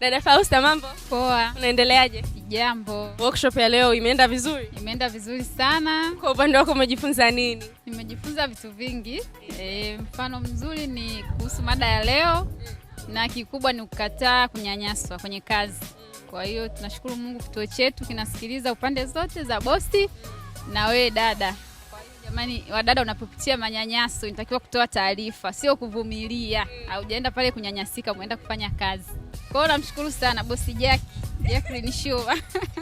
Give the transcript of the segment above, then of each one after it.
Dada Fausta, mambo poa? Unaendeleaje? Jambo. Workshop ya leo imeenda vizuri? Imeenda vizuri sana. Kwa upande wako umejifunza nini? Nimejifunza vitu vingi. E, mfano mzuri ni kuhusu mada ya leo na kikubwa ni kukataa kunyanyaswa kwenye kazi. Kwa hiyo tunashukuru Mungu, kituo chetu kinasikiliza upande zote za bosti na wewe dada. Jamani wadada, unapopitia manyanyaso inatakiwa kutoa taarifa, sio kuvumilia. Haujaenda pale kunyanyasika, umeenda kufanya kazi. Kwa namshukuru sana bosi Jack, Jacqueline Shuba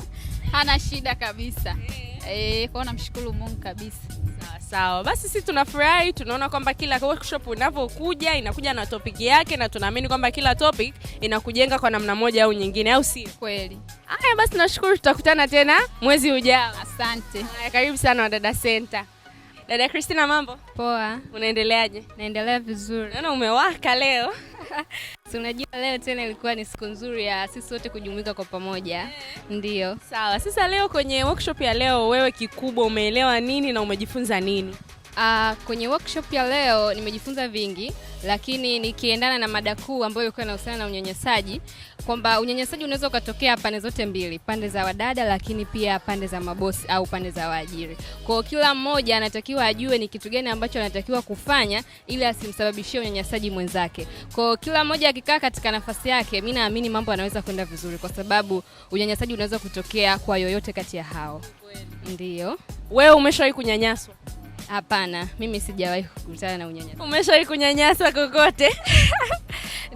hana shida kabisa e, eh. eh, kwa namshukuru Mungu kabisa. Sawa sawa, basi sisi tunafurahi, tunaona kwamba kila workshop inavyokuja inakuja na topic yake, na tunaamini kwamba kila topic inakujenga kwa namna moja au nyingine, au si kweli? Haya basi, nashukuru, tutakutana tena mwezi ujao. Asante. Haya, karibu sana Wadada Center. Dada Christina, mambo poa? Unaendeleaje? Naendelea vizuri. Naona umewaka leo. Si unajua leo tena ilikuwa ni siku nzuri ya sisi wote kujumuika kwa pamoja. ndio Sawa. Sasa leo kwenye workshop ya leo wewe kikubwa umeelewa nini na umejifunza nini? Uh, kwenye workshop ya leo nimejifunza vingi lakini nikiendana na mada kuu ambayo ilikuwa inahusiana na unyanyasaji, kwamba unyanyasaji unaweza ukatokea pande zote mbili, pande za wadada, lakini pia pande za mabosi au pande za waajiri. Kwa kila mmoja anatakiwa ajue ni kitu gani ambacho anatakiwa kufanya ili asimsababishie unyanyasaji mwenzake. Kwa kila mmoja akikaa katika nafasi yake, mimi naamini mambo yanaweza kwenda vizuri, kwa sababu unyanyasaji unaweza kutokea kwa yoyote kati ya hao. ndio Wewe umeshawahi kunyanyaswa? Hapana, mimi sijawahi kukutana na unyanyasa. Umeshawahi kunyanyaswa kokote?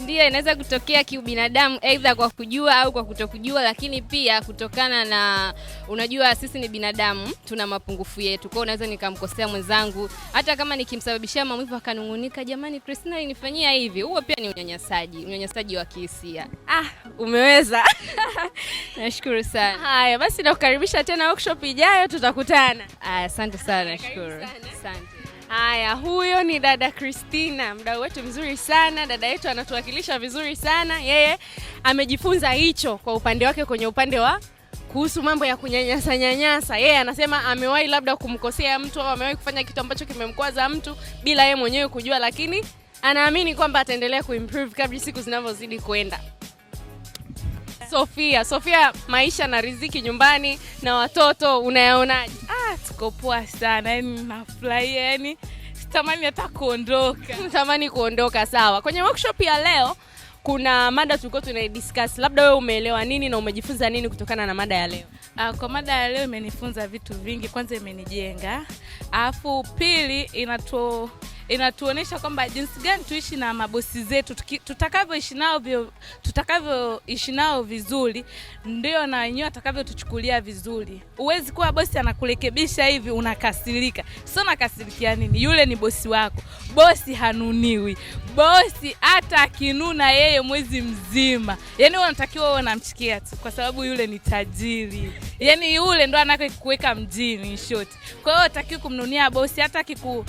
ndio inaweza kutokea kiubinadamu, aidha kwa kujua au kwa kutokujua, lakini pia kutokana na, unajua sisi ni binadamu, tuna mapungufu yetu. kwao naweza unaweza nikamkosea mwenzangu, hata kama nikimsababishia maumivu akanungunika, jamani, Christina alinifanyia hivi, huo pia ni unyanyasaji, unyanyasaji wa kihisia. Ah, umeweza nashukuru sana. Haya basi, nakukaribisha tena workshop ijayo, tutakutana. Asante sana, nashukuru, asante. Haya, huyo ni dada Christina, mdau wetu mzuri sana. Dada yetu anatuwakilisha vizuri sana. Yeye amejifunza hicho kwa upande wake, kwenye upande wa kuhusu mambo ya kunyanyasa nyanyasa. Yeye anasema amewahi labda kumkosea mtu au amewahi kufanya kitu ambacho kimemkwaza mtu bila yeye mwenyewe kujua, lakini anaamini kwamba ataendelea kuimprove kadri siku zinavyozidi kwenda. Sofia. Sofia, maisha na riziki nyumbani na watoto unayaonaje? Ah, tuko poa sana, yani nafurahia, yani sitamani hata kuondoka. Natamani kuondoka. Sawa, kwenye workshop ya leo kuna mada tulikuwa tunaidiscuss, labda wewe umeelewa nini na umejifunza nini kutokana na mada ya leo? Uh, kwa mada ya leo imenifunza vitu vingi. Kwanza imenijenga, alafu pili inato inatuonesha kwamba jinsi gani tuishi na mabosi zetu, tutakavyoishi nao tutakavyoishi nao vizuri, ndio na wenyewe atakavyotuchukulia vizuri. uwezi kuwa bosi anakurekebisha hivi unakasirika. Sio, nakasirikia nini? Yule ni bosi wako. Bosi hanuniwi. Bosi hata akinuna yeye mwezi mzima, yaani unatakiwa uwe namchikia tu, kwa sababu yule ni tajiri yani yule ndo anaka kuweka mjini short. Kwa hiyo hataki kumnunia bosi hata kiku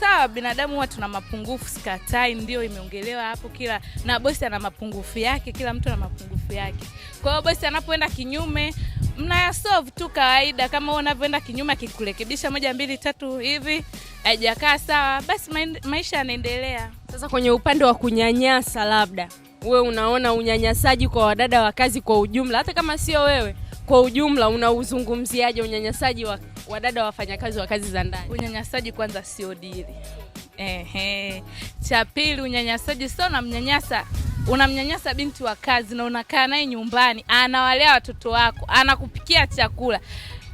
sawa, binadamu huwa tuna mapungufu, sikatai, ndio imeongelewa hapo, kila na bosi ana mapungufu yake, kila mtu ana mapungufu yake. Kwa hiyo bosi anapoenda kinyume mnayasolve tu kawaida, kama wewe unavyoenda kinyume, akikurekebisha moja mbili tatu hivi haijakaa sawa, basi maisha yanaendelea. Sasa kwenye upande wa kunyanyasa, labda wewe unaona unyanyasaji kwa wadada wa kazi kwa ujumla, hata kama sio wewe kwa ujumla unauzungumziaje unyanyasaji wa wadada wafanyakazi wa kazi za ndani? Unyanyasaji kwanza sio dili. Ehe. Cha pili, unyanyasaji sio unamnyanyasa, unamnyanyasa binti wa kazi na unakaa naye nyumbani, anawalea watoto wako, anakupikia chakula,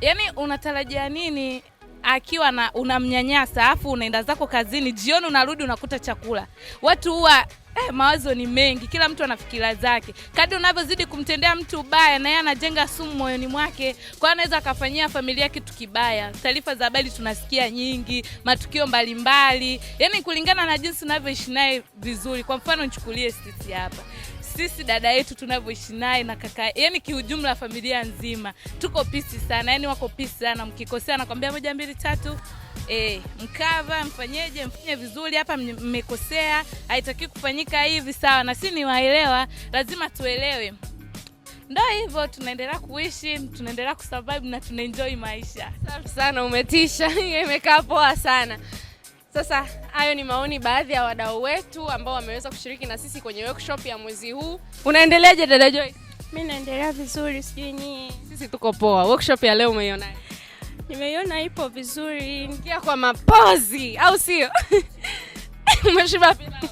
yaani unatarajia nini? akiwa na unamnyanyasa, afu unaenda zako kazini, jioni unarudi unakuta chakula. Watu huwa eh, mawazo ni mengi, kila mtu ana fikira zake. kadi unavyozidi kumtendea mtu ubaya, na yeye anajenga sumu moyoni mwake, kwa anaweza akafanyia familia kitu kibaya. Taarifa za habari tunasikia nyingi, matukio mbalimbali, yani kulingana na jinsi unavyoishi naye vizuri. Kwa mfano, nichukulie sisi hapa sisi dada yetu tunavyoishi naye na kaka, yani kiujumla familia nzima tuko pisi sana, yani wako pisi sana. Mkikosea nakwambia moja mbili tatu E, mkava mfanyeje, mfanye vizuri hapa, mmekosea, haitaki kufanyika hivi, sawa. Na si niwaelewa, lazima tuelewe. Ndo hivyo tunaendelea kuishi, tunaendelea kusurvive na tunaenjoy maisha. Safi sana, umetisha. Imekaa poa sana. Sasa hayo ni maoni baadhi ya wadau wetu ambao wameweza kushiriki na sisi kwenye workshop ya mwezi huu. Unaendeleaje dada Joy? Mimi naendelea vizuri, sijui ni sisi tuko poa. Workshop ya leo umeiona? Nimeiona ipo vizuri, ingia kwa mapozi, au sio? Umeshiba pilau.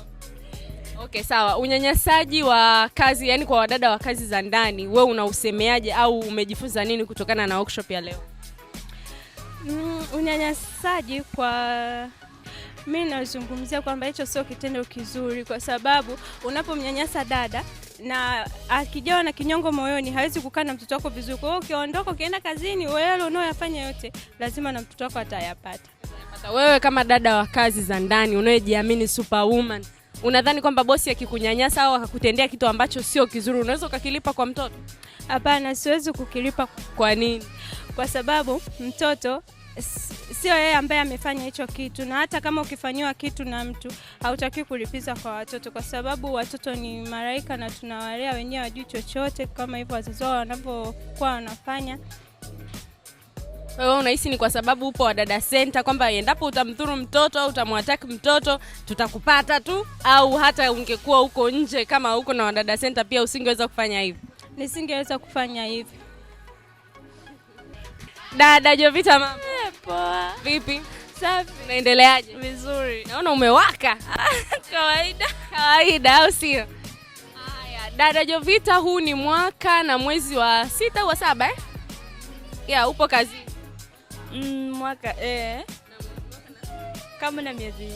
Okay, sawa. Unyanyasaji wa kazi, yani kwa wadada wa kazi za ndani, we unausemeaje au umejifunza nini kutokana na workshop ya leo? Mm, unyanyasaji kwa mi nazungumzia kwamba hicho sio kitendo kizuri, kwa sababu unapomnyanyasa dada na akijawa na kinyongo moyoni hawezi kukaa na mtoto wako vizuri. Kwa hiyo ukiondoka, ukienda kazini, wewe unaoyafanya yote lazima na mtoto wako atayapata. Wewe kama dada wa kazi za ndani unayejiamini superwoman, unadhani kwamba bosi akikunyanyasa au akakutendea kitu ambacho sio kizuri unaweza ukakilipa kwa mtoto? Hapana, siwezi kukilipa. Kwa nini? Kwa sababu mtoto sio yeye ambaye amefanya hicho kitu, na hata kama ukifanyiwa kitu na mtu hautakiwi kulipiza kwa watoto, kwa sababu watoto ni maraika na tunawalea wenyewe, wajui chochote kama hivyo wazazi wao wanavyokuwa wanafanya. Wewe unahisi ni kwa sababu upo Wadada senta kwamba endapo utamdhuru mtoto au utamwataki mtoto tutakupata tu, au hata ungekuwa huko nje kama huko na Wadada senta pia usingeweza kufanya hivi? Nisingeweza kufanya hivi. Dada Jovita mama Poa. Ah. Vipi? Safi. Unaendeleaje? Vizuri. Naona umewaka. Kawaida. Kawaida au sio? Haya, dada Jovita, huu ni mwaka na mwezi wa sita wa saba eh? Ya, upo kazi. Mm, mwaka eh. Kama na miezi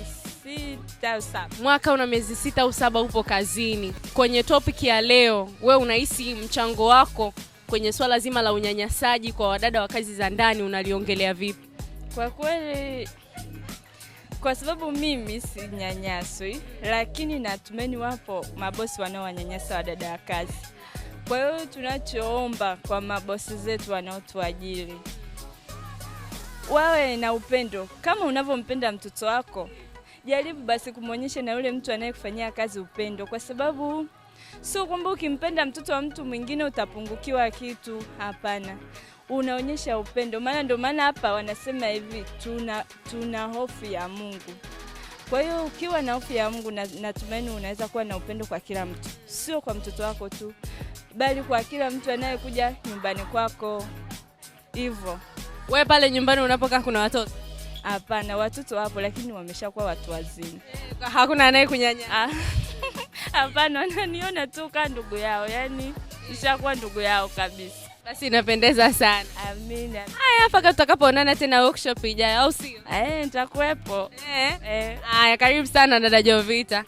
sita au saba. Mwaka una miezi sita au saba upo kazini. Kwenye topic ya leo, we unahisi mchango wako kwenye swala zima la unyanyasaji kwa wadada wa kazi za ndani unaliongelea vipi? Kwa kweli, kwa sababu mimi si nyanyaswi lakini natumeni wapo mabosi wanaowanyanyasa wadada wa kazi. Kwa hiyo tunachoomba kwa mabosi zetu wanaotuajili wawe na upendo. Kama unavyompenda mtoto wako, jaribu basi kumwonyesha na yule mtu anayekufanyia kazi upendo, kwa sababu sio kwamba ukimpenda mtoto wa mtu mwingine utapungukiwa kitu. Hapana unaonyesha upendo, maana ndio maana hapa wanasema hivi tuna, tuna hofu ya Mungu. Kwa hiyo ukiwa na hofu ya Mungu na, natumaini unaweza kuwa na upendo kwa kila mtu, sio kwa mtoto wako tu, bali kwa kila mtu anayekuja nyumbani kwako. Hivyo we pale nyumbani unapokaa kuna watoto? Hapana, watoto wapo, lakini wameshakuwa watu wazima. Eh, hakuna anayekunyanya? Ah. Hapana, wananiona tu kaa ndugu yao, yani ishakuwa ndugu yao kabisa. Basi inapendeza sana. Amina. Haya, mpaka tutakapoonana tena workshop ijayo, au sio? Eh, nitakuwepo. Eh. eh. Haya, karibu sana dada Jovita.